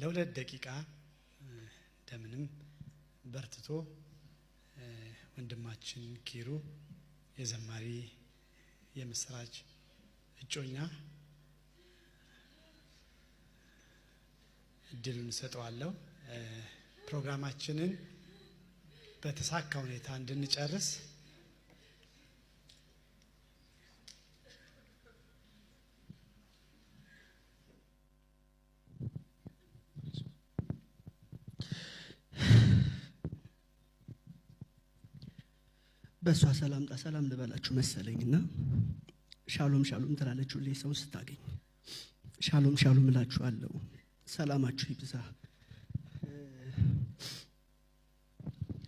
ለሁለት ደቂቃ እንደምንም በርትቶ ወንድማችን ኪሩ የዘማሪ የምስራች እጮኛ እድሉን ሰጠዋለሁ። ፕሮግራማችንን በተሳካ ሁኔታ እንድንጨርስ በእሷ ሰላምጣ ሰላም ልበላችሁ እና ሻሎም ሻሎም ትላለች። ሁሌ ሰው ስታገኝ ሻሎም ሻሎም አለው ሰላማችሁ ይብዛ።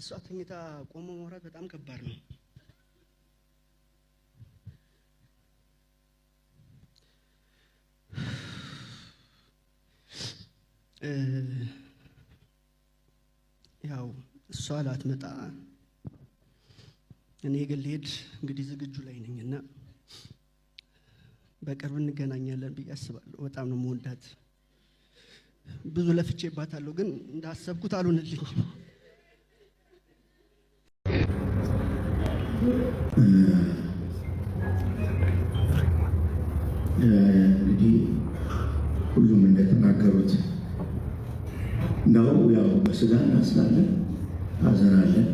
እሷ ተኝታ ቆሞ ማውራት በጣም ከባድ ነው። ያው እሷ ላትመጣ እኔ ግን ልሄድ እንግዲህ ዝግጁ ላይ ነኝ እና በቅርብ እንገናኛለን ብዬ አስባለሁ። በጣም ነው መወዳት። ብዙ ለፍቼ ባታለሁ ግን እንዳሰብኩት አልሆነልኝም። እንግዲህ ሁሉም እንደተናገሩት ነው። ያው በስጋ እናስላለን፣ አዘናለን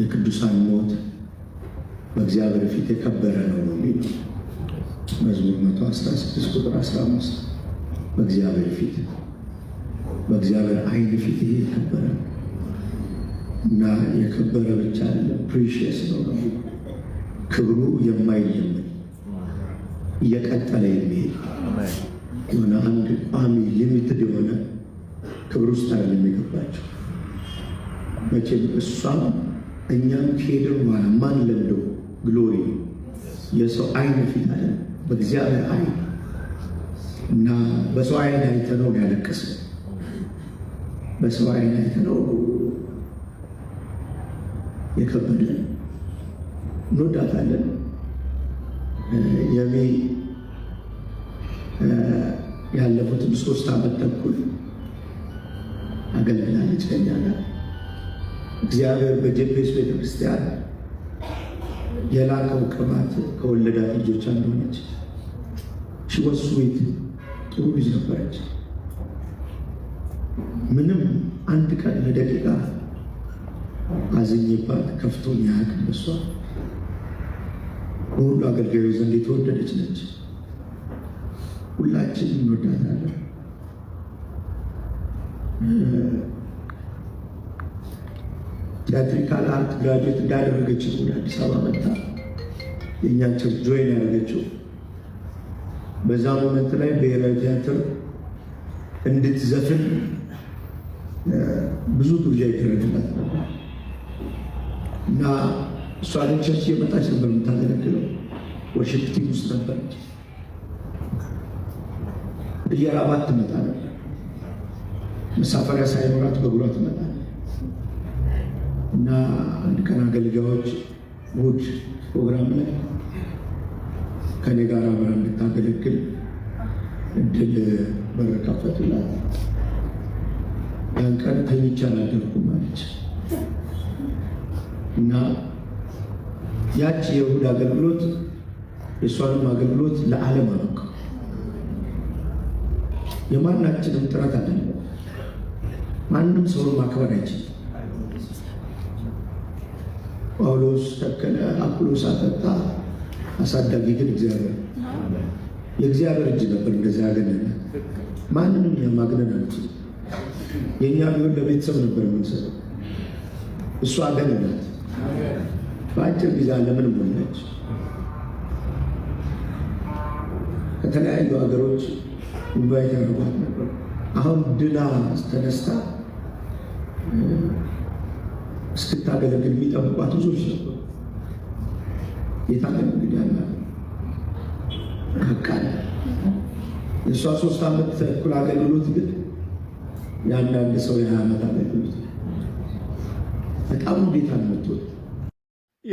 የቅዱሳን ሞት በእግዚአብሔር ፊት የከበረ ነው ነው መዝሙር 116 ቁጥር 15 በእግዚአብሔር ፊት በእግዚአብሔር አይን ፊት ይሄ የከበረ ነው እና የከበረ ብቻ አይደለም፣ ፕሪሽስ ነው ነው ክብሩ የማይለምን እየቀጠለ የሚሄድ የሆነ አንድ ቋሚ ሊሚትድ የሆነ ክብር ውስጥ አይደለም የሚገባቸው መቼም እሷም እኛም ሄደው ማለት ማን ለምደው ግሎሪ የሰው አይን ፊት አለ በእግዚአብሔር አይን እና በሰው አይን አይተነው ያለቀሰ በሰው አይን አይተነው የከበደ እንወዳታለን። የሜ ያለፉትም ሶስት አመት ተኩል አገልግላለች ከኛ ጋር እግዚአብሔር በጀቤስ ቤተክርስቲያን የላከው ቅባት ከወለዳት ልጆች አንዱ ነች። ሽወስዊት ጥሩ ልጅ ነበረች። ምንም አንድ ቀን ለደቂቃ አዝኝባት ከፍቶ አያውቅም። እሷ በሁሉ አገልጋዩ ዘንድ የተወደደች ነች። ሁላችን እንወዳታለን። ቲያትሪካል አርት ግራጁዌት እንዳደረገች ወደ አዲስ አበባ መጥታ የእኛን ቸር ጆይን ያደረገችው በዛ ሞመንት ላይ ብሔራዊ ቲያትር እንድትዘፍን ብዙ ግብዣ ይደረግላት ነበር እና እሷ ግን ቸርች እየመጣች ነበር የምታገለግለው። ወርሺፕ ቲም ውስጥ ነበር። እየራባት ትመጣ ነበር። መሳፈሪያ ሳይኖራት በእግሯ ትመጣ እና አንድ ቀን አገልጋዮች እሑድ ፕሮግራም ላይ ከኔ ጋር አብራ እንድታገለግል እድል በር ከፈቱላት። ያን ቀን ተኝቼ አላደርኩም አለች እና ያቺ የእሑድ አገልግሎት የእሷንም አገልግሎት ለዓለም አበቃ። የማናችንም ጥረት አለ ማንም ሰውን ማክበር አይችልም። ጳውሎስ ተከለ፣ አፕሎስ አጠጣ፣ አሳዳጊ ግን እግዚአብሔር። የእግዚአብሔር እጅ ነበር እንደዚያ ያገነነ። ማንንም የማግነን ማግነን የእኛ ቢሆን ለቤተሰብ ነበር የምንሰጠው። እሱ አገነናት። በአጭር ጊዜ ለምን ሞላች። ከተለያዩ ሀገሮች ኢንቫይት ያደርጓት ነበር። አሁን ድና ተነስታ እስክታገለግል የሚጠብቋት ብዙዎች ነበሩ። ጌታን እንግዲህ ያለ በቃል የእሷ ሶስት ዓመት ተኩል አገልግሎት ግን የአንዳንድ ሰው የሀያ ዓመት አገልግሎት በጣም ጌታ መጥቶት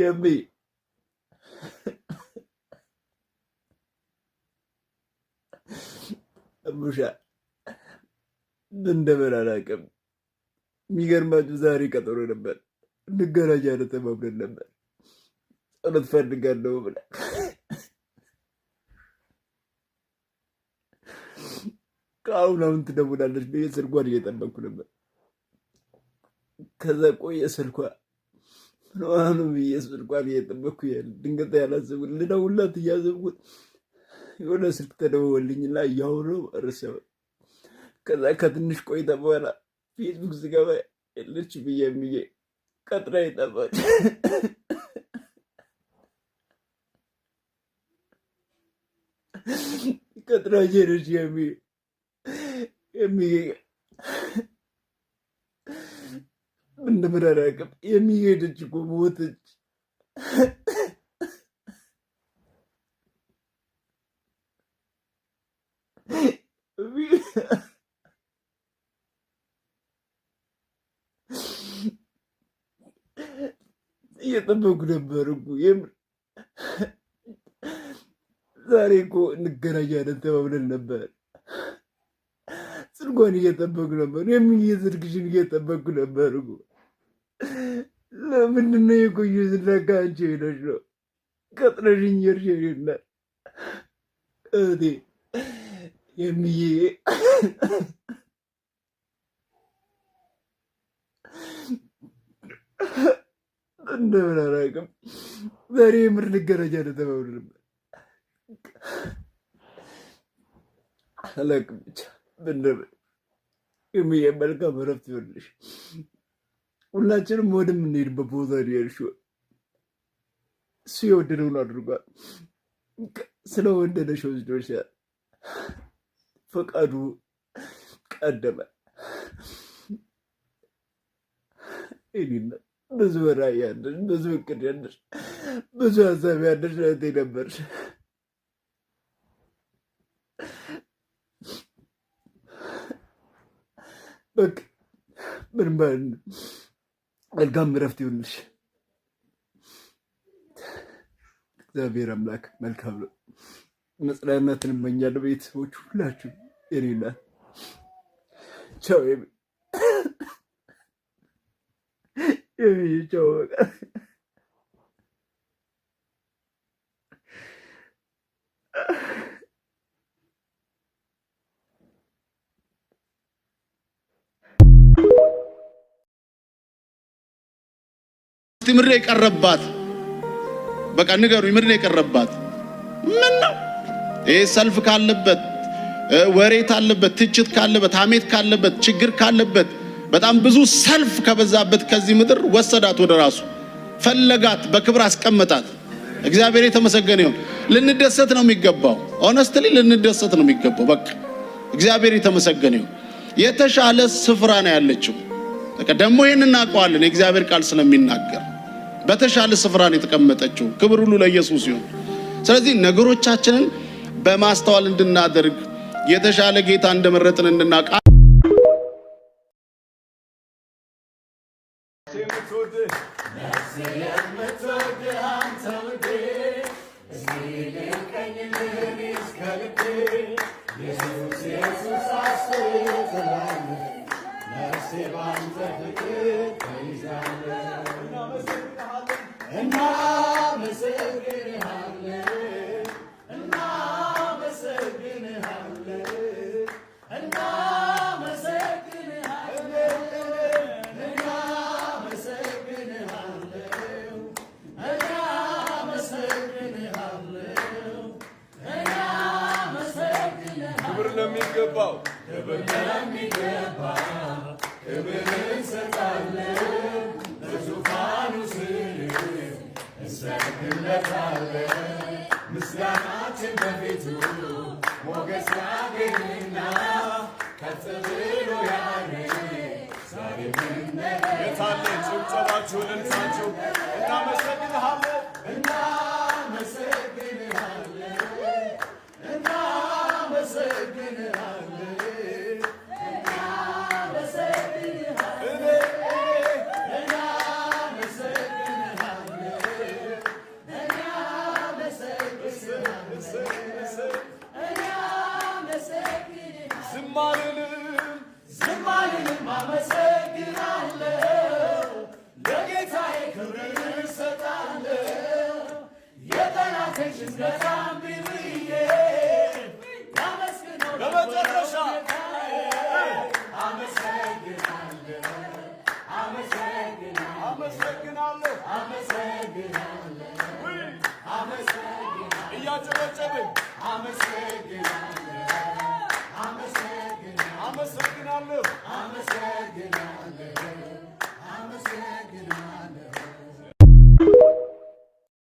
የሚ ሙሻ እንደምን አላውቅም። የሚገርማችሁ ዛሬ ቀጠሮ ነበር። እንገናኝ አይነት ተማምነን ነበር። ጸሎት ፈልጋለሁ ብላ ከአሁን አሁን ትደውላለች ብዬ ስልኳን እየጠበቅኩ ነበር። ከዛ ቆየ ስልኳ ምንዋኑ ብዬ ስልኳን እየጠበቅኩ ያለ ድንገት ያላሰብኩት ልደውላት እያሰብኩት የሆነ ስልክ ተደወልኝና እያወራሁ እርሰው ከዛ ከትንሽ ቆይታ በኋላ ፌስቡክ ስገባ የለች ብዬ ብዬ ቀጥራ የጠፋች ቀጥራ ጀነች የሚ እንደምራራቅም የሚሄደች እኮ ሞተች። እየጠበኩ ነበር እኮ የምር። ዛሬ እኮ እንገናኛለን ተባብለን ነበር። ጽድቋን እየጠበኩ ነበር። የምዬ ጽድቅሽን እየጠበኩ ነበር እኮ። ለምንድን ነው የቆየ? ስለካ አንቺ ሄደሽ ነው ቀጥረሽኝ የርሽ ይላል እህቴ የምዬ እንደምን አላውቅም። ዛሬ የምር ልገረጃ ለተባብልም አላውቅም። ብቻ ብንብል የምዬ መልካም እረፍት ይሆንልሽ። ሁላችንም ወደምንሄድበት ቦታ ሄድሽ። እሱ የወደደውን አድርጓል። ስለወደደሽ ወስዶች ፈቃዱ ቀደመ ይህን ብዙ ራዕይ ያለሽ፣ ብዙ እቅድ ያለሽ፣ ብዙ ሀሳብ ያለሽ እህቴ ነበርሽ። በቃ ምንም ባል መልካም እረፍት ይሁንልሽ። እግዚአብሔር አምላክ መልካም ነው። መጽናናትን እመኛለሁ። ቤተሰቦች ሁላችሁ የኔ ቻው። ይህ ይታወቃል። ምሬ የቀረባት በቃ ምሬ የቀረባት ምን ነው? ሰልፍ ካለበት፣ ወሬት አለበት፣ ትችት ካለበት፣ ሐሜት ካለበት፣ ችግር ካለበት በጣም ብዙ ሰልፍ ከበዛበት ከዚህ ምድር ወሰዳት፣ ወደ ራሱ ፈለጋት፣ በክብር አስቀመጣት። እግዚአብሔር የተመሰገነ ይሁን። ልንደሰት ነው የሚገባው። ኦነስትሊ ልንደሰት ነው የሚገባው። በቃ እግዚአብሔር የተመሰገነ ይሁን። የተሻለ ስፍራ ነው ያለችው። ደግሞ ይህን እናውቀዋለን የእግዚአብሔር ቃል ስለሚናገር በተሻለ ስፍራ ነው የተቀመጠችው። ክብር ሁሉ ለኢየሱስ ይሁን። ስለዚህ ነገሮቻችንን በማስተዋል እንድናደርግ የተሻለ ጌታ እንደመረጥን እንድናውቅ Merci, méthode. Merci, méthode. እንሰጣለን በዙፋኑ ስር እንሰግድለታለን። ምስጋናችን በፊቱ ሞገስ ያገኝና ከፍ ብሎ ያኔ ዛሬ ምነታለን ጭብጨባችሁን እንሳችሁ አመሰግናለሁ እያጨበጨብን አመሰግናለሁ